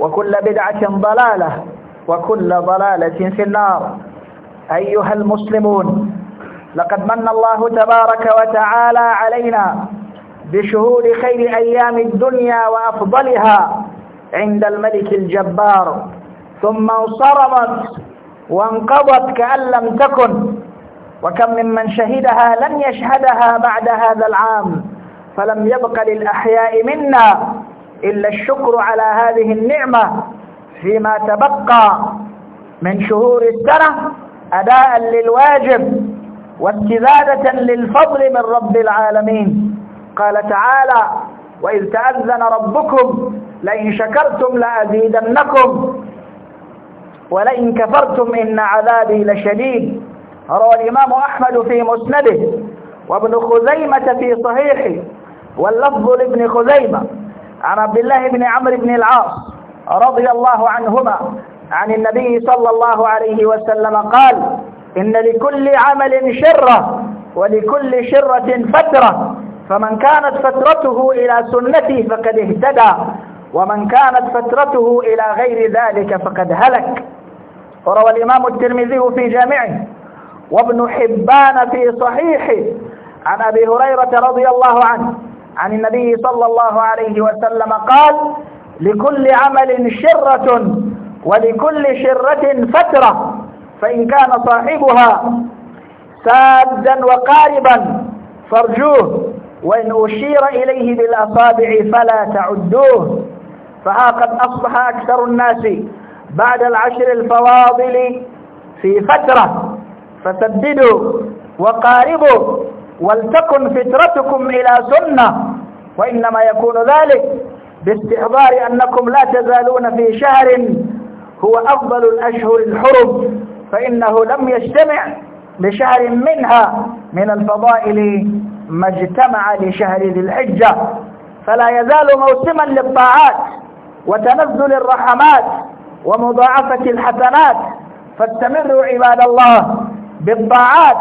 وكل بدعة ضلالة وكل ضلالة في النار أيها المسلمون لقد من الله تبارك وتعالى علينا بشهود خير أيام الدنيا وأفضلها عند الملك الجبار ثم انصرمت وانقضت كأن لم تكن وكم ممن شهدها لم يشهدها بعد هذا العام فلم يبق للأحياء منا إلا الشكر على هذه النعمة فيما تبقى من شهور السنة أداء للواجب واستزادة للفضل من رب العالمين قال تعالى وإذ تأذن ربكم لئن شكرتم لأزيدنكم ولئن كفرتم إن عذابي لشديد روى الإمام أحمد في مسنده وابن خزيمة في صحيحه واللفظ لابن خزيمة عن عبد الله بن عمرو بن العاص رضي الله عنهما عن النبي صلى الله عليه وسلم قال إن لكل عمل شرة ولكل شرة فترة فمن كانت فترته إلى سنتي فقد اهتدى ومن كانت فترته إلى غير ذلك فقد هلك وروى الإمام الترمذي في جامعه وابن حبان في صحيحه عن أبي هريرة رضي الله عنه عن النبي صلى الله عليه وسلم قال لكل عمل شرة ولكل شرة فترة فإن كان صاحبها سادا وقاربا فارجوه وإن أشير إليه بالأصابع فلا تعدوه فها قد أصبح أكثر الناس بعد العشر الفواضل في فترة فسددوا وقاربوا ولتكن فترتكم إلى سنة وإنما يكون ذلك باستحضار أنكم لا تزالون في شهر هو أفضل الأشهر الحرم فإنه لم يجتمع لشهر منها من الفضائل ما اجتمع لشهر ذي الحجة فلا يزال موسما للطاعات وتنزل الرحمات ومضاعفة الحسنات فاستمروا عباد الله بالطاعات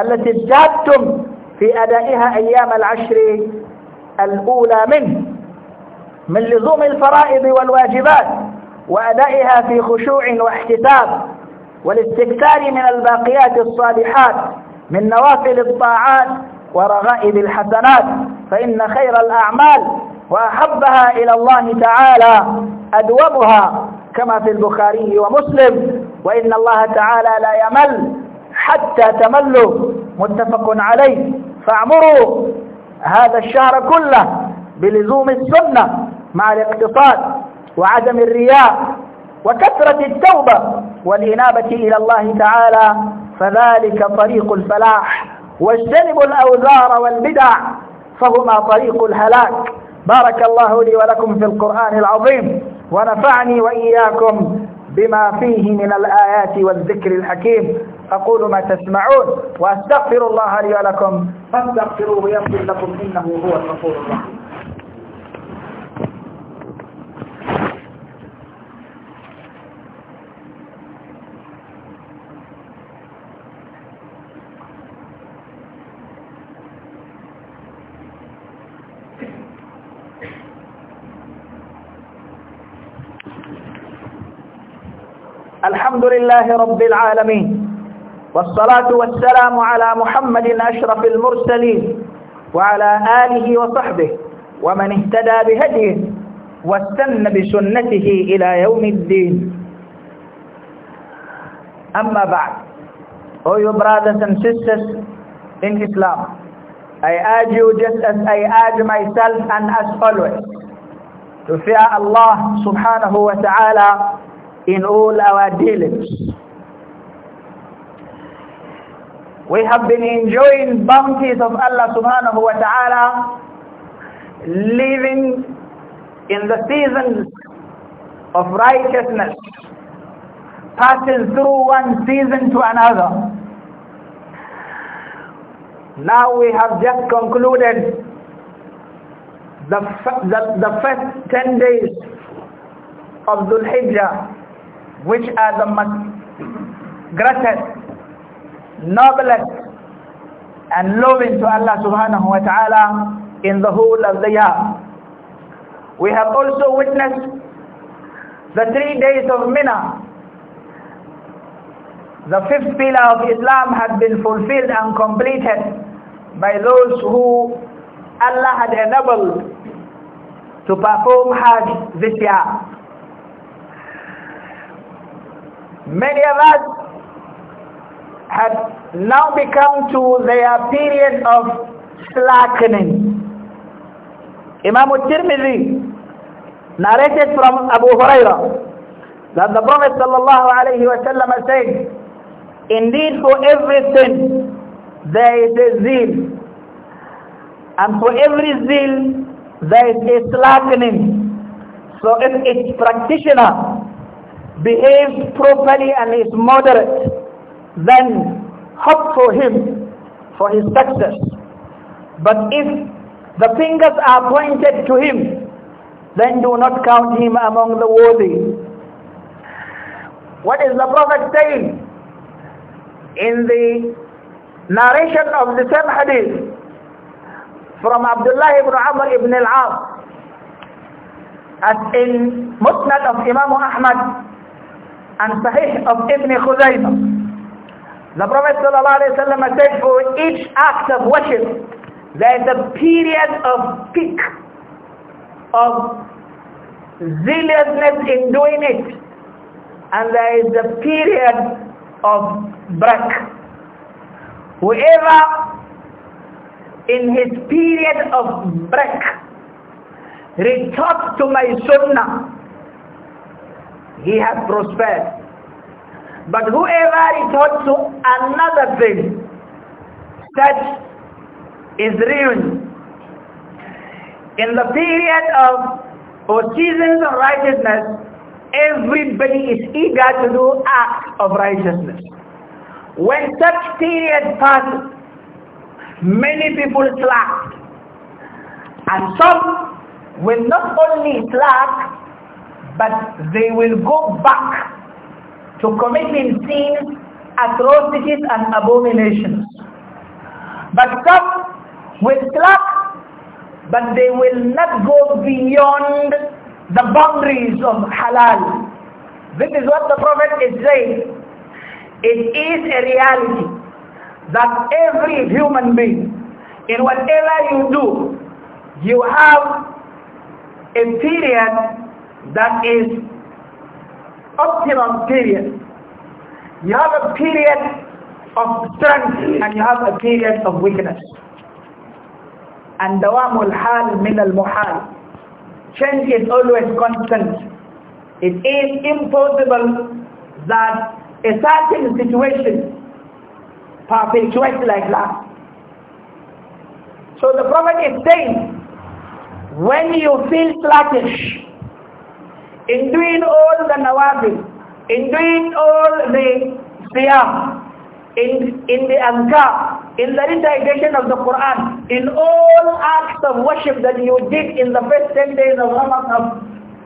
التي ازدادتم في أدائها أيام العشر الأولى منه من لزوم الفرائض والواجبات وأدائها في خشوع واحتساب والاستكثار من الباقيات الصالحات من نوافل الطاعات ورغائب الحسنات فإن خير الأعمال وأحبها إلى الله تعالى أدوبها كما في البخاري ومسلم وإن الله تعالى لا يمل حتى تملوا متفق عليه فاعمروا هذا الشهر كله بلزوم السنة مع الاقتصاد وعدم الرياء وكثرة التوبة والإنابة إلى الله تعالى فذلك طريق الفلاح واجتنبوا الأوزار والبدع فهما طريق الهلاك بارك الله لي ولكم في القرآن العظيم ونفعني وإياكم بما فيه من الآيات والذكر الحكيم أقول ما تسمعون وأستغفر الله لي ولكم فاستغفروه يغفر لكم إنه هو الغفور الرحيم الحمد لله رب العالمين والصلاة والسلام على محمد أشرف المرسلين وعلى آله وصحبه ومن اهتدى بهديه واستن بسنته إلى يوم الدين أما بعد Oh you brothers and sisters in Islam I urge you just as I urge myself and as always to fear Allah subhanahu wa ta'ala in all our dealings We have been enjoying bounties of Allah subhanahu wa ta'ala, living in the seasons of righteousness, passing through one season to another. Now we have just concluded the, the, the first 10 days of Dhul Hijjah, which are the greatest noblest and loving to Allah subhanahu wa ta'ala in the whole of the year. We have also witnessed the three days of Mina. The fifth pillar of Islam had been fulfilled and completed by those who Allah had enabled to perform Hajj this year. Many of us had now become to their period of slackening. Imam al-Tirmidhi narrated from Abu Hurairah that the Prophet sallallahu alayhi wa sallam said, Indeed for every sin there is a zeal and for every zeal there is a slackening. So if its practitioner behaves properly and is moderate then hope for him for his success. But if the fingers are pointed to him, then do not count him among the worthy. What is the Prophet saying? In the narration of the same hadith from Abdullah ibn Amr ibn al-As as in Musnad of Imam Ahmad and Sahih of Ibn Khuzaymah the Prophet ﷺ said for each act of worship, there is a period of peak, of zealousness in doing it, and there is a period of break. Whoever in his period of break returns to my sunnah, he has prospered. But whoever resorts to another thing, such is ruined. In the period of or seasons of righteousness, everybody is eager to do acts of righteousness. When such period passes, many people slack. And some will not only slack, but they will go back to commit sins, atrocities and abominations. But some will slack, but they will not go beyond the boundaries of halal. This is what the Prophet is saying. It is a reality that every human being, in whatever you do, you have a period that is optimum period. You have a period of strength and you have a period of weakness. And dawamul hal min al muhal. Change is always constant. It is impossible that a certain situation perpetuates like that. So the Prophet is saying, when you feel sluggish, in doing all the nawazil, in doing all the siyam, in, in the azkar, in the recitation of the Quran, in all acts of worship that you did in the first 10 days of Ramadan of,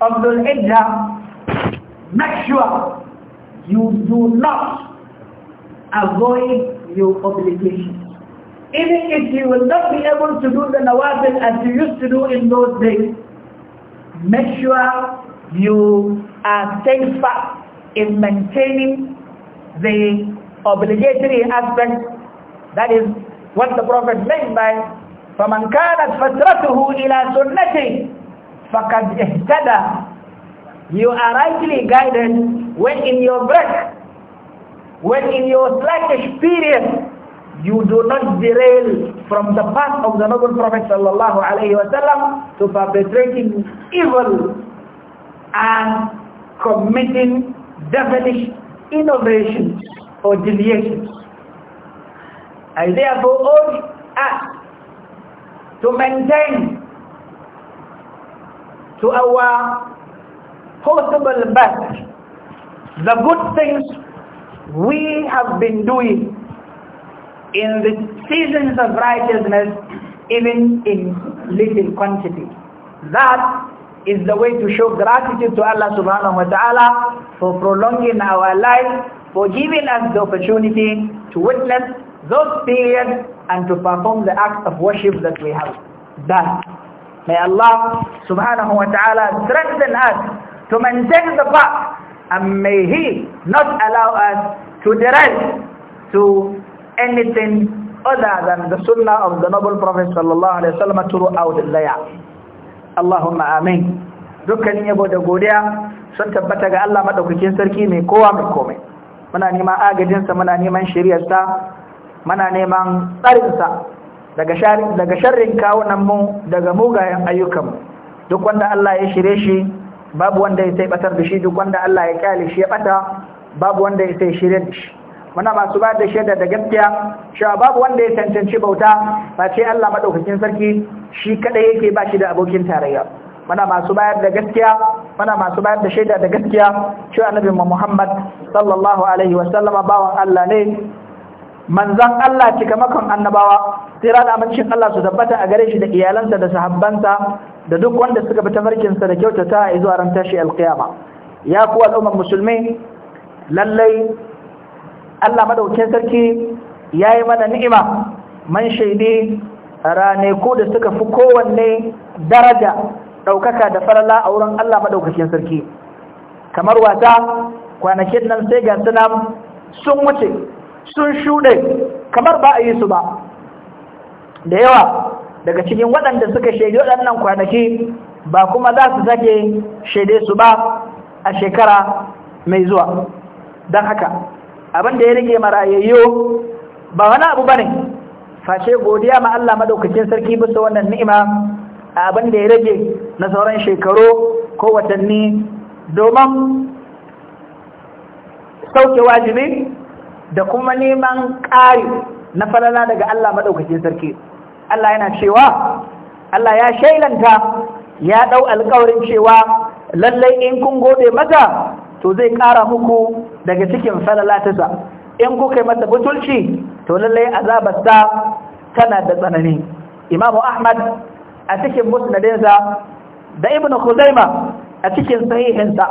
of Dhul Hijjah, make sure you do not avoid your obligations. Even if you will not be able to do the nawazil as you used to do in those days, make sure you are steadfast in maintaining the obligatory aspect that is what the prophet meant by فَمَنْ كَانَتْ فَتْرَتُهُ إِلَى سُنَّتِهِ فَقَدْ اِهْتَدَى You are rightly guided when in your breath, when in your slack experience, you do not derail from the path of the noble prophet sallallahu alaihi wasallam to perpetrating evil and committing devilish innovations or deviations. I therefore urge us to maintain to our possible best the good things we have been doing in the seasons of righteousness even in little quantity. That is the way to show gratitude to Allah subhanahu wa ta'ala for prolonging our life, for giving us the opportunity to witness those periods and to perform the act of worship that we have done. May Allah subhanahu wa ta'ala strengthen us to maintain the path and may He not allow us to derive to anything other than the sunnah of the noble prophet sallallahu alaihi wasallam throughout the year. Allahumma amin dukkanin yabo da godiya sun tabbata ga Allah madaukakin sarki mai kowa mai komai muna neman agajinsa muna neman shiryarsa muna neman tsarinsa daga sharrin daga sharrin kawunan mu daga mugayen ayyukan duk wanda Allah ya shirye shi babu wanda ya sai batar da shi duk wanda Allah ya kyale shi ya bata babu wanda ya sai shirye da shi muna masu ba da shaida da gaskiya cewa babu wanda ya cancanci bauta face Allah madaukakin sarki shi kadai yake ba shi da abokin tarayya muna masu bayar da gaskiya muna masu bayar da shaida da gaskiya cewa annabi Muhammad sallallahu alaihi wa sallama bawan Allah ne manzan Allah cikamakon annabawa tsira da amincin Allah su tabbata a gare shi da iyalansa da sahabbansa da duk wanda suka bi tafarkinsa da kyautata a zuwa ran tashi al'qiyama ya ku al'ummar musulmi lallai Allah madaukin sarki yayi mana ni'ima man shaidi ko da suka fi kowanne daraja ɗaukaka da farala a wurin Allah madaukakin sarki kamar wata kwanakin nan sai ga sunan sun wuce sun shude kamar ba a yi su ba da yawa daga cikin waɗanda suka shaidi waɗannan kwanaki ba kuma za su sake shaide su ba a shekara mai zuwa don haka abin da ya rage marayayyo ba wani abu ba ne, fashe godiya ma Allah madaukakin sarki bisa wannan ni'ima a abin da ya rage na sauran shekaru ko watanni domin sauke wajibi da kuma neman ƙari na falala daga Allah madaukakin sarki Allah yana cewa Allah ya shailanta ya ɗau alƙawarin cewa lallai in kun gode mata to zai ƙara muku daga cikin falalatasa in kuka yi masa butulci to lallai azabarsa tana da tsanani imamu ahmad a cikin musnadinsa da ibn khuzaima a cikin sahihinsa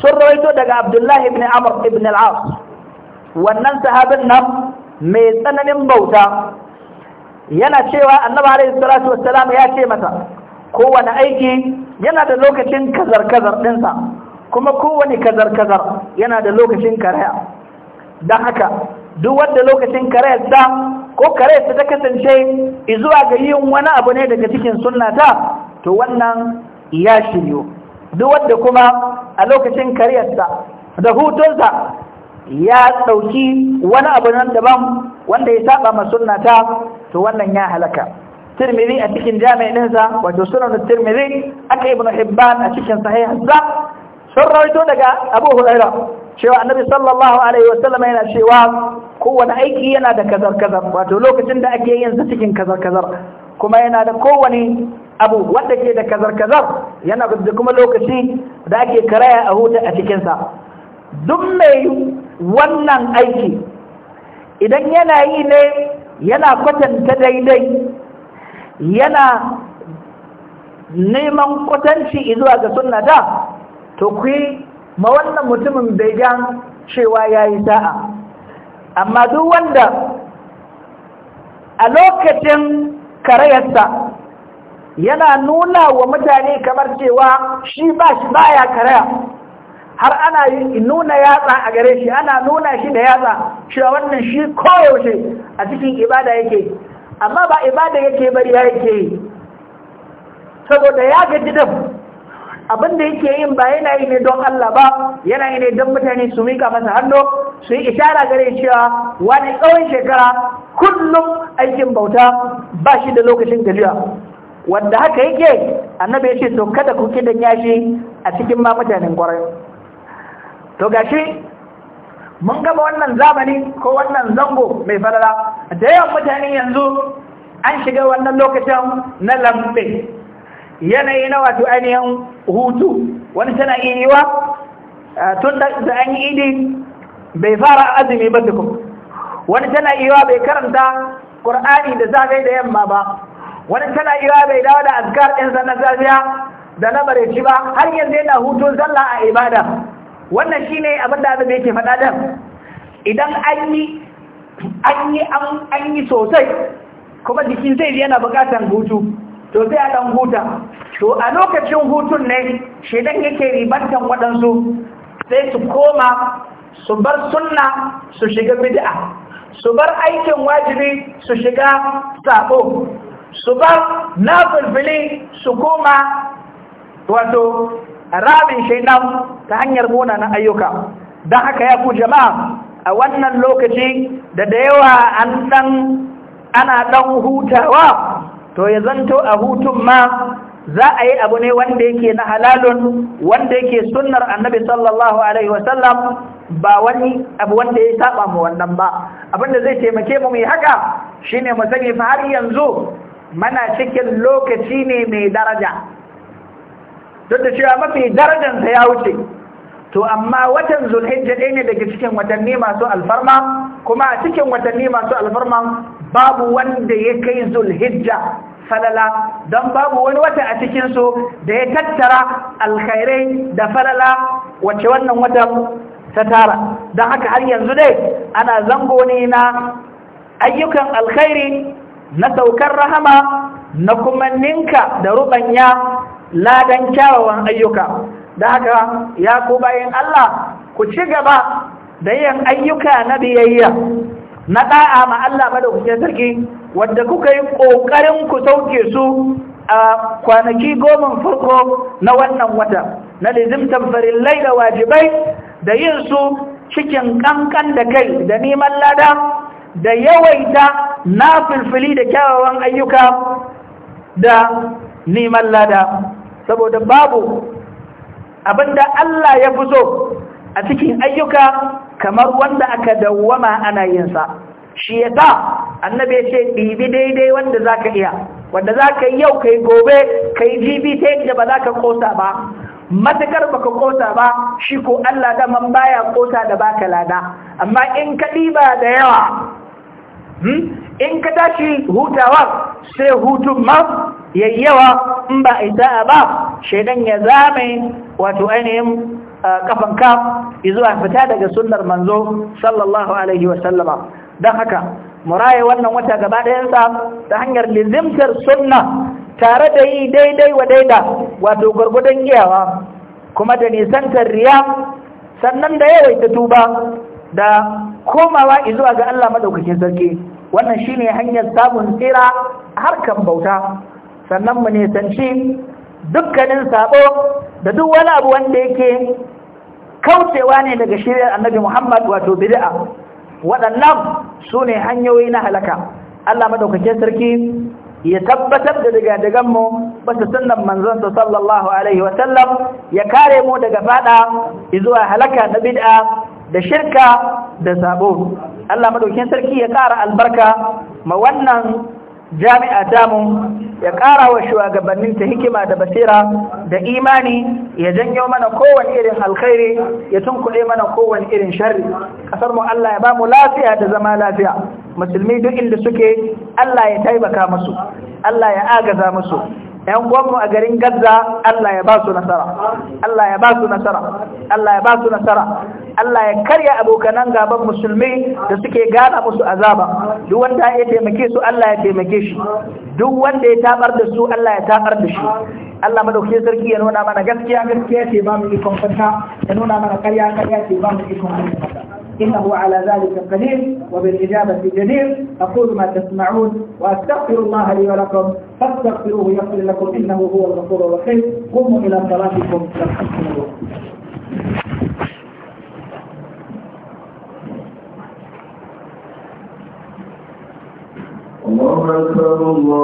sun rawaito daga abdullahi ibn amr ibn al wannan sahabin nan mai tsananin bauta yana cewa annabi alaihi salatu wassalam ya ce masa kowane aiki yana da lokacin kazar-kazar ɗinsa kuma kowane kazar-kazar yana da lokacin karaya don haka duk wanda lokacin ta ko karayarsa ta kasance izuwa ga yin wani abu ne daga cikin sunnata to wannan ya shiryo duk wanda kuma a lokacin ta da hutunsa ya ɗauki wani abu nan daban wanda ya saba ma sunnata to wannan ya halaka tirmidhi a cikin jami'in sa wato sunan tirmidhi aka ibnu hibban a cikin sahihansa sun rawaito daga abu hulaira cewa annabi sallallahu alaihi wasallam yana cewa kowane aiki yana da kazar kazar wato lokacin da ake yin sa cikin kazar kazar kuma yana da kowane abu wanda ke da kazar kazar yana da kuma lokaci da ake karaya a huta a cikinsa duk mai wannan aiki idan yana yi ne yana kwatanta daidai yana neman kwatanci zuwa ga sunna da to ku yi ma wannan mutumin bai gan cewa ya yi sa'a amma duk wanda a lokacin karayarsa yana nuna wa mutane kamar cewa shi ba shi ba ya karaya har ana nuna yatsa a gare shi ana nuna shi da yatsa cewa wannan shi koyaushe a cikin ibada yake amma ba ibada yake bari ya yake yi saboda ya gaji dam abin da yake yin ba yana yi ne don Allah ba yana yi ne don mutane su mika masa hannu su yi ishara gare cewa wani tsawon shekara kullum aikin bauta ba shi da lokacin gajiya wanda haka yake annabi ya ce to kada ku kidan yashi a cikin ma mutanen kwarai to gashi mun gaba wannan zamani ko wannan zango mai falala da yawan mutane yanzu an shiga wannan lokacin na lambe yanayi na wato ainihin hutu wani tana iya tun da an yi idi bai fara azumi ba tukun wani tana iya bai karanta ƙur'ani da safe da yamma ba wani tana iya bai dawo da azgar ɗin na zafiya da na bareci ba har yanzu yana hutun zalla a ibada wannan shi ne abin da azumi yake faɗa dan idan an yi sosai kuma jikin zai yana bukatar hutu to sai a ɗan huta to a lokacin hutun ne shaidan yake ribantan waɗansu sai su koma su bar sunna su shiga bid'a su bar aikin wajibi su shiga sabo su bar nafilfili su koma wato rabin shaidan ta hanyar muna na ayyuka don haka ya ku jama'a a wannan lokaci da da yawa an ɗan ana ɗan hutawa to ya zanto a hutun ma za a yi abu ne wanda yake na halalun wanda yake sunnar annabi sallallahu alaihi wasallam ba wani abu wanda ya saba mu wannan ba abinda zai taimake mu mai haka shine mu sani fa har yanzu mana cikin lokaci ne mai daraja duk da cewa mafi darajar sa ya wuce to amma watan zulhijja ɗaya ne daga cikin watanni masu alfarma kuma a cikin watanni masu alfarma babu wanda ya kai zulhijja falala don babu wani wata a cikinsu da ya tattara alkhairai da falala wacce wannan wata ta tara don haka har yanzu dai ana zango ne na ayyukan alkhairi na saukar rahama na kuma ninka da rubanya ladan kyawawan ayyuka da haka ya ku bayan Allah ku ci gaba da yin ayyuka na biyayya na ɗa'a ma Allah madaukakin sarki wadda kuka yi ƙoƙarin ku sauke su a kwanaki goma farko na wannan wata na lizimtan farillai da wajibai da yin su cikin ƙanƙan da kai da neman lada da yawaita na filfili da kyawawan ayyuka da neman lada saboda babu abin da Allah ya fi so a cikin ayyuka kamar wanda aka dawwama ana yin sa shi yasa annabi ya ce ɗibi daidai wanda zaka iya wanda zaka yi yau kai gobe kai jibi ta yadda ba za ka kosa ba matakar ka kosa ba shi ko Allah da man baya kosa da baka lada amma in ka ɗiba da yawa Hmm? in ka tashi hutawa sai hutun ma yayyawa in ba a isa'a ba shaidan ya zame wato ainihin uh, ka? zuwa fita daga sunnar manzo sallallahu alaihi wasallama don haka muraye wannan wata gaba ɗayansa ta hanyar lizimtar sunna tare da yi daidai wa daida wato gwargwadon giyawa kuma da nisantar riya sannan da ta tuba da komawa izuwa ga Allah madaukakin sarki wannan shine hanyar sabon tsira harkan bauta sannan mu ne sanci dukkanin sabo da duk wani abu wanda yake kaucewa ne daga shirya annabi Muhammad wato bid'a waɗannan sune hanyoyi na halaka Allah madaukakin sarki ya tabbatar da daga dagan mu basu sunnan manzon sa sallallahu alaihi wa sallam ya kare mu daga fada izuwa halaka na bid'a da shirka da sabo Allah madaukin sarki ya ƙara albarka ma wannan jami'a tamu ya ƙara wa shugabannin ta hikima da basira da imani ya janyo mana kowane irin alkhairi ya tunkuɗe mana kowane irin sharri Ƙasarmu mu Allah ya ba mu lafiya da zama lafiya musulmi duk inda suke Allah ya taimaka musu Allah ya agaza musu ‘yan gwamnu a garin Gaza Allah ya ba su nasara, Allah ya ba su nasara, Allah ya ba su nasara, Allah ya karya abokanan gaban musulmi da suke gana musu azaba duk wanda ya taimake su Allah ya taimake shi duk wanda ya tabar da su Allah ya tabar da shi Allah madauke sarki ya nuna mana gaskiya gaskiya ce ba mu ikon kwanta ya nuna mana karya karya ce ba mu ikon kwanta إنه على ذلك قدير وبالإجابة جدير أقول ما تسمعون وأستغفر الله لي ولكم فاستغفروه يغفر لكم إنه هو الغفور الرحيم قوموا إلى صلاتكم ترحمكم الله الله أكبر الله